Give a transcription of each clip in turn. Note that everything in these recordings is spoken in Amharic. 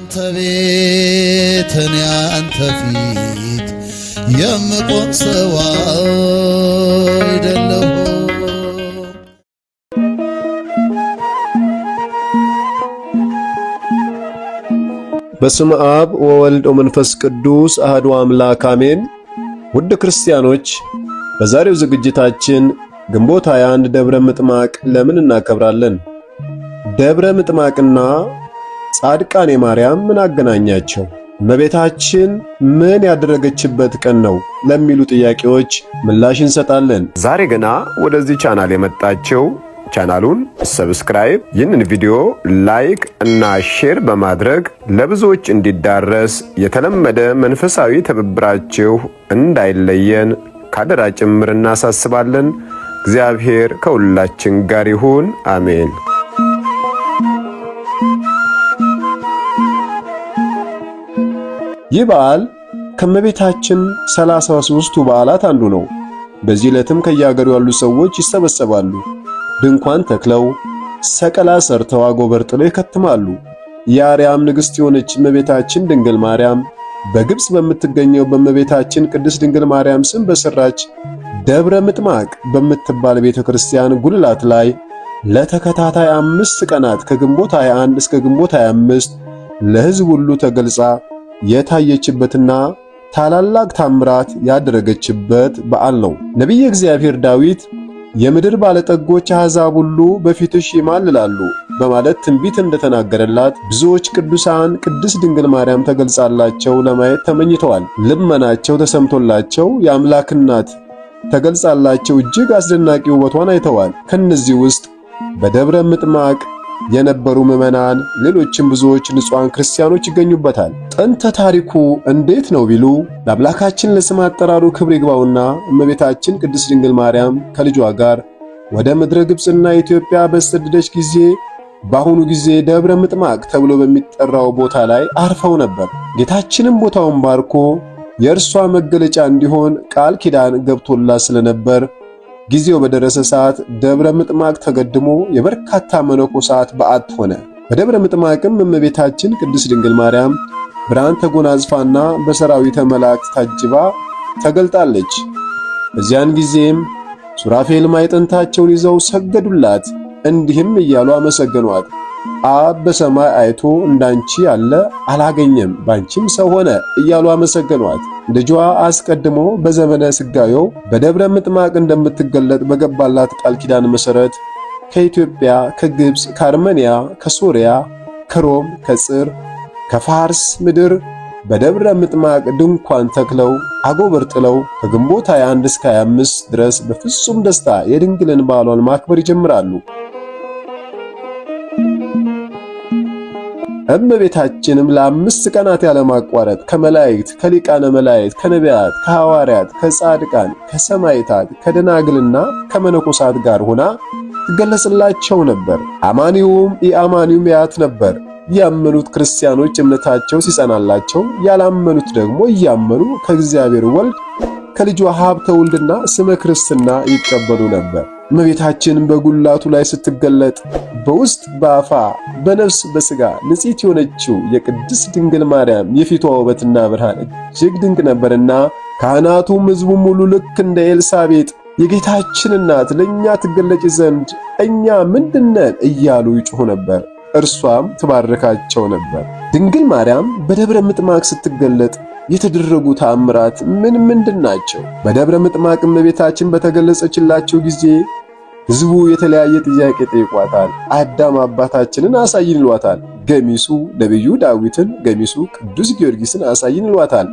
አንተ ቤት እኔ አንተ ፊት የምቆም ሰው አይደለሁ። በስም አብ ወወልድ ወመንፈስ ቅዱስ አህዱ አምላክ አሜን። ውድ ክርስቲያኖች በዛሬው ዝግጅታችን ግንቦት 21 ደብረ ምጥማቅ ለምን እናከብራለን? ደብረ ምጥማቅና ጻድቃኔ ማርያም ምን አገናኛቸው? እመቤታችን ምን ያደረገችበት ቀን ነው ለሚሉ ጥያቄዎች ምላሽ እንሰጣለን። ዛሬ ገና ወደዚህ ቻናል የመጣችው ቻናሉን ሰብስክራይብ፣ ይህንን ቪዲዮ ላይክ እና ሼር በማድረግ ለብዙዎች እንዲዳረስ የተለመደ መንፈሳዊ ትብብራችሁ እንዳይለየን ካደራ ጭምር እናሳስባለን። እግዚአብሔር ከሁላችን ጋር ይሁን፣ አሜን። ይህ በዓል ከመቤታችን ሰላሳ ሦስቱ በዓላት አንዱ ነው። በዚህ ዕለትም ከየአገሩ ያሉ ሰዎች ይሰበሰባሉ። ድንኳን ተክለው ሰቀላ ሰርተው አጎበር ጥለው ይከትማሉ። የአርያም ንግሥት የሆነች እመቤታችን ድንግል ማርያም በግብፅ በምትገኘው በእመቤታችን ቅድስት ድንግል ማርያም ስም በሰራች ደብረ ምጥማቅ በምትባል ቤተ ክርስቲያን ጉልላት ላይ ለተከታታይ አምስት ቀናት ከግንቦት 21 እስከ ግንቦት 25 ለሕዝብ ሁሉ ተገልጻ የታየችበትና ታላላቅ ታምራት ያደረገችበት በዓል ነው። ነብይ እግዚአብሔር ዳዊት የምድር ባለጠጎች አሕዛብ ሁሉ በፊትሽ ይማልላሉ በማለት ትንቢት እንደተናገረላት ብዙዎች ቅዱሳን ቅድስት ድንግል ማርያም ተገልጻላቸው ለማየት ተመኝተዋል። ልመናቸው ተሰምቶላቸው የአምላክ እናት ተገልጻላቸው እጅግ አስደናቂ ውበቷን አይተዋል። ከነዚህ ውስጥ በደብረ ምጥማቅ የነበሩ ምዕመናን፣ ሌሎችም ብዙዎች ንጹሐን ክርስቲያኖች ይገኙበታል። ጥንተ ታሪኩ እንዴት ነው ቢሉ ለአምላካችን ለስም አጠራሩ ክብር ይግባውና እመቤታችን ቅድስት ድንግል ማርያም ከልጇ ጋር ወደ ምድረ ግብፅና ኢትዮጵያ በሰደደች ጊዜ በአሁኑ ጊዜ ደብረ ምጥማቅ ተብሎ በሚጠራው ቦታ ላይ አርፈው ነበር። ጌታችንም ቦታውን ባርኮ የእርሷ መገለጫ እንዲሆን ቃል ኪዳን ገብቶላት ስለነበር ጊዜው በደረሰ ሰዓት ደብረ ምጥማቅ ተገድሞ የበርካታ መነኮሳት በዓት ሆነ። በደብረ ምጥማቅም እመቤታችን ቅድስት ድንግል ማርያም ብርሃን ተጎናጽፋና በሰራዊተ መላእክት ታጅባ ተገልጣለች። በዚያን ጊዜም ሱራፌል ማዕጠንታቸውን ይዘው ሰገዱላት። እንዲህም እያሉ አመሰገኗት። አብ በሰማይ አይቶ እንዳንቺ ያለ አላገኘም፣ ባንቺም ሰው ሆነ እያሉ አመሰገኗት። ልጇ አስቀድሞ በዘመነ ስጋዮ በደብረ ምጥማቅ እንደምትገለጥ በገባላት ቃል ኪዳን መሰረት ከኢትዮጵያ፣ ከግብፅ፣ ከአርመንያ፣ ከሶሪያ፣ ከሮም፣ ከጽር፣ ከፋርስ ምድር በደብረ ምጥማቅ ድንኳን ተክለው አጎበር ጥለው ከግንቦት 21 እስከ 25 ድረስ በፍጹም ደስታ የድንግልን በዓሏን ማክበር ይጀምራሉ። እመቤታችንም ለአምስት ቀናት ያለማቋረጥ ከመላእክት ከሊቃነ መላእክት ከነቢያት ከሐዋርያት ከጻድቃን ከሰማይታት፣ ከደናግልና ከመነኮሳት ጋር ሆና ትገለጽላቸው ነበር። አማኒውም የአማኒውም ያት ነበር። ያመኑት ክርስቲያኖች እምነታቸው ሲጸናላቸው፣ ያላመኑት ደግሞ እያመኑ ከእግዚአብሔር ወልድ ከልጇ ሀብተ ውልድና ስመ ክርስትና ይቀበሉ ነበር። እመቤታችን በጉላቱ ላይ ስትገለጥ በውስጥ በአፋ በነፍስ በስጋ ንጽሕት የሆነችው የቅድስት ድንግል ማርያም የፊቷ ውበትና ብርሃን እጅግ ድንቅ ነበርና ካህናቱም ሕዝቡ ሙሉ ልክ እንደ ኤልሳቤጥ የጌታችን እናት ለእኛ ትገለጭ ዘንድ እኛ ምንድነን እያሉ ይጮኹ ነበር። እርሷም ትባርካቸው ነበር። ድንግል ማርያም በደብረ ምጥማቅ ስትገለጥ የተደረጉ ተአምራት ምን ምንድን ናቸው? በደብረ ምጥማቅ እመቤታችን በተገለጸችላቸው ጊዜ ህዝቡ የተለያየ ጥያቄ ጠይቋታል። አዳም አባታችንን አሳይን ይሏታል። ገሚሱ ነቢዩ ዳዊትን፣ ገሚሱ ቅዱስ ጊዮርጊስን አሳይን ይሏታል።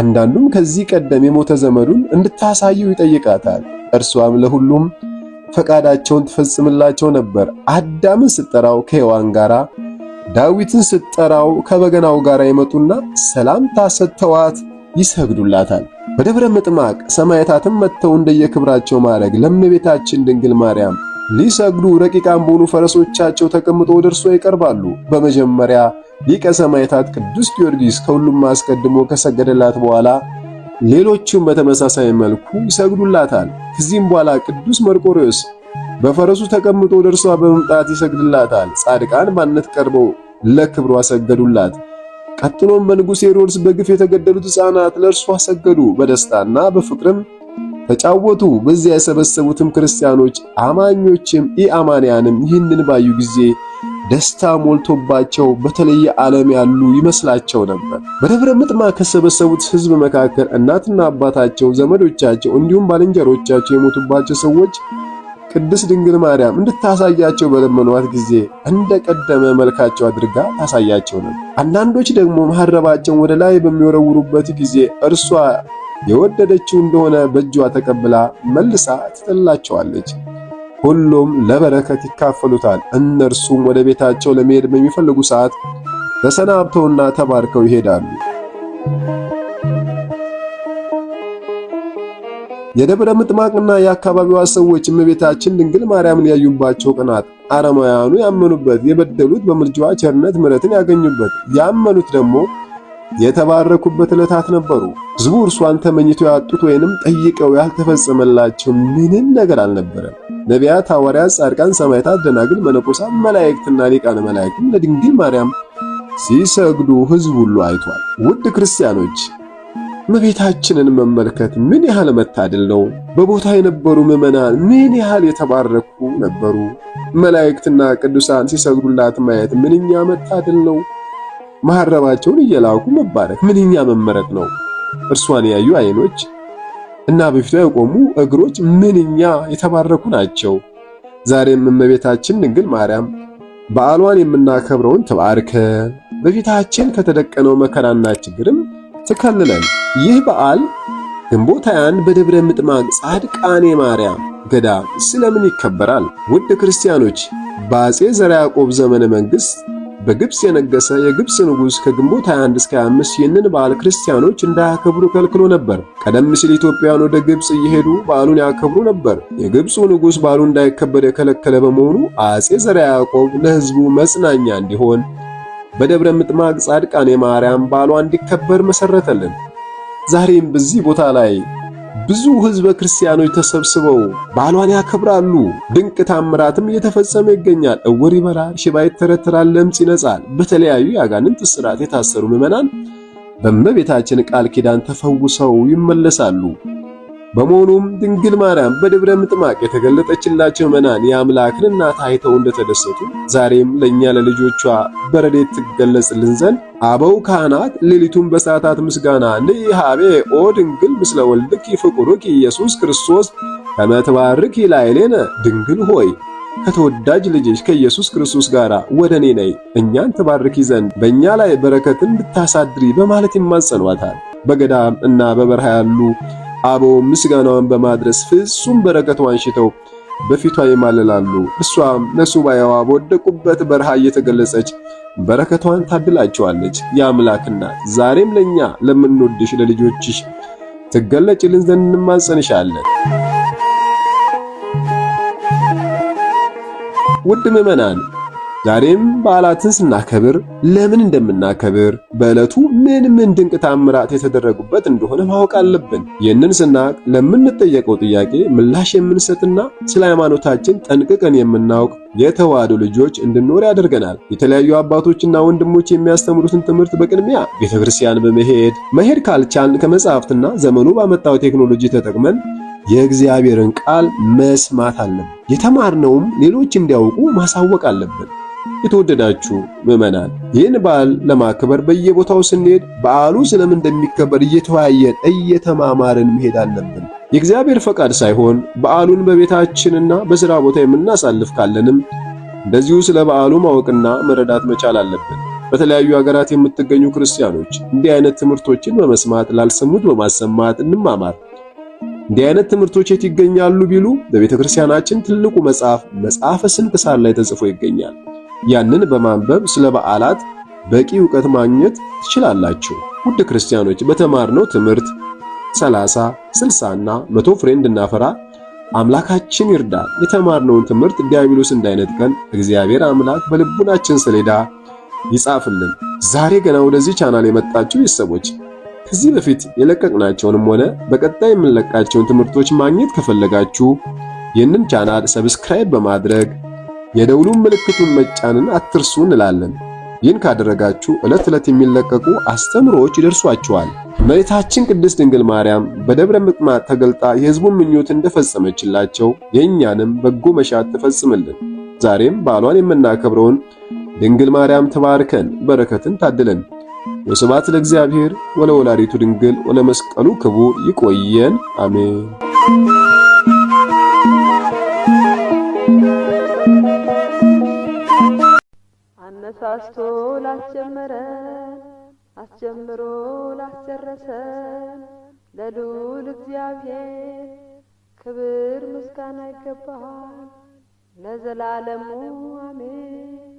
አንዳንዱም ከዚህ ቀደም የሞተ ዘመዱን እንድታሳየው ይጠይቃታል። እርሷም ለሁሉም ፈቃዳቸውን ትፈጽምላቸው ነበር። አዳምን ስጠራው ከሔዋን ጋራ፣ ዳዊትን ስጠራው ከበገናው ጋር ይመጡና ሰላምታ ሰጥተዋት ይሰግዱላታል። በደብረ ምጥማቅ ሰማዕታትም መጥተው እንደየክብራቸው ማዕረግ ለእመቤታችን ድንግል ማርያም ሊሰግዱ ረቂቃን በሆኑ ፈረሶቻቸው ተቀምጦ ወደ እርሷ ይቀርባሉ። በመጀመሪያ ሊቀ ሰማዕታት ቅዱስ ጊዮርጊስ ከሁሉም አስቀድሞ ከሰገደላት በኋላ ሌሎቹም በተመሳሳይ መልኩ ይሰግዱላታል። ከዚህም በኋላ ቅዱስ መርቆሪዎስ በፈረሱ ተቀምጦ ወደ እርሷ በመምጣት ይሰግድላታል። ጻድቃን ባነት ቀርበው ለክብሯ ሰገዱላት። ቀጥሎም በንጉሥ ሄሮድስ በግፍ የተገደሉት ሕፃናት ለእርሷ ሰገዱ፣ በደስታና በፍቅርም ተጫወቱ። በዚያ የሰበሰቡትም ክርስቲያኖች አማኞችም ኢአማንያንም ይህንን ባዩ ጊዜ ደስታ ሞልቶባቸው በተለየ ዓለም ያሉ ይመስላቸው ነበር። በደብረ ምጥማ ከሰበሰቡት ሕዝብ መካከል እናትና አባታቸው፣ ዘመዶቻቸው እንዲሁም ባልንጀሮቻቸው የሞቱባቸው ሰዎች ቅድስት ድንግል ማርያም እንድታሳያቸው በለመኗት ጊዜ እንደቀደመ መልካቸው አድርጋ ታሳያቸው ነበር። አንዳንዶች ደግሞ መሐረባቸውን ወደ ላይ በሚወረውሩበት ጊዜ እርሷ የወደደችው እንደሆነ በእጇ ተቀብላ መልሳ ትጥላቸዋለች። ሁሉም ለበረከት ይካፈሉታል። እነርሱም ወደ ቤታቸው ለመሄድ በሚፈልጉ ሰዓት ተሰናብተውና ተባርከው ይሄዳሉ። የደብረ ምጥማቅና የአካባቢዋ ሰዎች እመቤታችን ድንግል ማርያምን ያዩባቸው ቀናት አረማውያኑ ያመኑበት፣ የበደሉት በምልጃዋ ቸርነት ምሕረትን ያገኙበት፣ ያመኑት ደግሞ የተባረኩበት ዕለታት ነበሩ። ሕዝቡ እርሷን ተመኝቶ ያጡት ወይንም ጠይቀው ያልተፈጸመላቸው ምንም ነገር አልነበረም። ነቢያት፣ ሐዋርያት፣ ጻድቃን፣ ሰማዕታት፣ ደናግል፣ መነኮሳት፣ መላእክትና ሊቃነ መላእክት ለድንግል ማርያም ሲሰግዱ ሕዝቡ ሁሉ አይቷል። ውድ ክርስቲያኖች እመቤታችንን መመልከት ምን ያህል መታደል ነው! በቦታ የነበሩ ምዕመናን ምን ያህል የተባረኩ ነበሩ! መላእክትና ቅዱሳን ሲሰግዱላት ማየት ምንኛ መታደል ነው! መሐረባቸውን እየላኩ መባረክ ምንኛ መመረቅ ነው! እርሷን ያዩ አይኖች እና በፊቷ የቆሙ እግሮች ምንኛ የተባረኩ ናቸው! ዛሬም እመቤታችን ድንግል ማርያም በዓሏን የምናከብረውን ትባርከን። በፊታችን ከተደቀነው መከራና ችግርም ተከልለን ይህ በዓል ግንቦት 21 በደብረ ምጥማቅ ጻድቃኔ ማርያም ገዳም ስለምን ይከበራል? ውድ ክርስቲያኖች በአጼ ዘርዓ ያዕቆብ ዘመነ መንግሥት በግብፅ የነገሰ የግብፅ ንጉሥ ከግንቦት 21 እስከ 25 ይህንን በዓል ክርስቲያኖች እንዳያከብሩ ከልክሎ ነበር። ቀደም ሲል ኢትዮጵያውያን ወደ ግብፅ እየሄዱ በዓሉን ያከብሩ ነበር። የግብፁ ንጉሥ በዓሉ እንዳይከበር የከለከለ በመሆኑ አጼ ዘርዓ ያዕቆብ ለሕዝቡ መጽናኛ እንዲሆን በደብረ ምጥማቅ ጻድቃኔ ማርያም ባሏ እንዲከበር መሰረተልን። ዛሬም በዚህ ቦታ ላይ ብዙ ህዝበ ክርስቲያኖች ተሰብስበው ባሏን ያከብራሉ። ድንቅ ታምራትም እየተፈጸመ ይገኛል። እውር ይበራል፣ ሽባ ይተረተራል፣ ለምጽ ይነጻል። በተለያዩ የአጋንንት ስርዓት የታሰሩ ምዕመናን በእመቤታችን ቃል ኪዳን ተፈውሰው ይመለሳሉ። በመሆኑም ድንግል ማርያም በደብረ ምጥማቅ የተገለጠችላቸው መናን የአምላክን እናት አይተው እንደተደሰቱ ዛሬም ለእኛ ለልጆቿ በረዴት ትገለጽልን ዘንድ አበው ካህናት ሌሊቱን በሰዓታት ምስጋና ንኢሃቤ ኦ ድንግል ምስለ ወልድኪ ፍቁርኪ ኢየሱስ ክርስቶስ ከመትባርኪ ላይሌነ ድንግል ሆይ ከተወዳጅ ልጅሽ ከኢየሱስ ክርስቶስ ጋር ወደ እኔ ነይ እኛን ትባርኪ ዘንድ በእኛ ላይ በረከትን ብታሳድሪ በማለት ይማጸኗታል። በገዳም እና በበረሃ ያሉ አቦ ምስጋናዋን በማድረስ ፍጹም በረከቷ አንሽተው በፊቷ ይማልላሉ። እሷም ለሱባኤዋ በወደቁበት በረሃ እየተገለጸች በረከቷን ታድላቸዋለች። የአምላክ እናት ዛሬም ለኛ ለምንወድሽ ለልጆችሽ ትገለጭልን ዘንድ እንማጸንሻለን። ውድ ምዕመናን ዛሬም በዓላትን ስናከብር ለምን እንደምናከብር በዕለቱ ምን ምን ድንቅ ታምራት የተደረጉበት እንደሆነ ማወቅ አለብን። ይህንን ስናቅ ለምንጠየቀው ጥያቄ ምላሽ የምንሰጥና ስለ ሃይማኖታችን ጠንቅቀን የምናውቅ የተዋህዶ ልጆች እንድንኖር ያደርገናል። የተለያዩ አባቶችና ወንድሞች የሚያስተምሩትን ትምህርት በቅድሚያ ቤተ ክርስቲያን በመሄድ መሄድ ካልቻልን ከመጽሐፍትና ዘመኑ ባመጣው ቴክኖሎጂ ተጠቅመን የእግዚአብሔርን ቃል መስማት አለብን። የተማርነውም ሌሎች እንዲያውቁ ማሳወቅ አለብን። የተወደዳችሁ ምዕመናን ይህን በዓል ለማክበር በየቦታው ስንሄድ በዓሉ ስለምን እንደሚከበር እየተወያየን እየተማማርን መሄድ አለብን። የእግዚአብሔር ፈቃድ ሳይሆን በዓሉን በቤታችንና በሥራ ቦታ የምናሳልፍ ካለንም እንደዚሁ ስለ በዓሉ ማወቅና መረዳት መቻል አለብን። በተለያዩ ሀገራት የምትገኙ ክርስቲያኖች እንዲህ አይነት ትምህርቶችን በመስማት ላልሰሙት በማሰማት እንማማር። እንዲህ አይነት ትምህርቶች የት ይገኛሉ ቢሉ በቤተ ክርስቲያናችን ትልቁ መጽሐፍ መጽሐፈ ስንክሳር ላይ ተጽፎ ይገኛል። ያንን በማንበብ ስለ በዓላት በቂ ዕውቀት ማግኘት ትችላላችሁ። ውድ ክርስቲያኖች በተማርነው ትምህርት 30፣ 60 እና 100 ፍሬ እንድናፈራ አምላካችን ይርዳል። የተማርነውን ትምህርት ዲያብሎስ እንዳይነጥቀን እግዚአብሔር አምላክ በልቡናችን ሰሌዳ ይጻፍልን። ዛሬ ገና ወደዚህ ቻናል የመጣችሁ ቤተሰቦች ከዚህ በፊት የለቀቅናቸውንም ሆነ በቀጣይ የምንለቃቸውን ትምህርቶች ማግኘት ከፈለጋችሁ ይህንን ቻናል ሰብስክራይብ በማድረግ የደውሉን ምልክቱን መጫንን አትርሱ እንላለን። ይህን ካደረጋችሁ ዕለት ዕለት የሚለቀቁ አስተምሮዎች ይደርሷችኋል። እመቤታችን ቅድስት ድንግል ማርያም በደብረ ምጥማቅ ተገልጣ የሕዝቡን ምኞት እንደፈጸመችላቸው የእኛንም በጎ መሻት ትፈጽምልን። ዛሬም በዓሏን የምናከብረውን ድንግል ማርያም ተባርከን በረከትን ታድለን። ወስብሐት ለእግዚአብሔር ወለወላዲቱ ድንግል ወለመስቀሉ ክቡር። ይቆየን። አሜን። ነሳስቶ ላስጀመረን አስጀምሮ ላስጨረሰን ለልዑል እግዚአብሔር ክብር ምስጋና ይገባል ለዘላለሙ አሜን።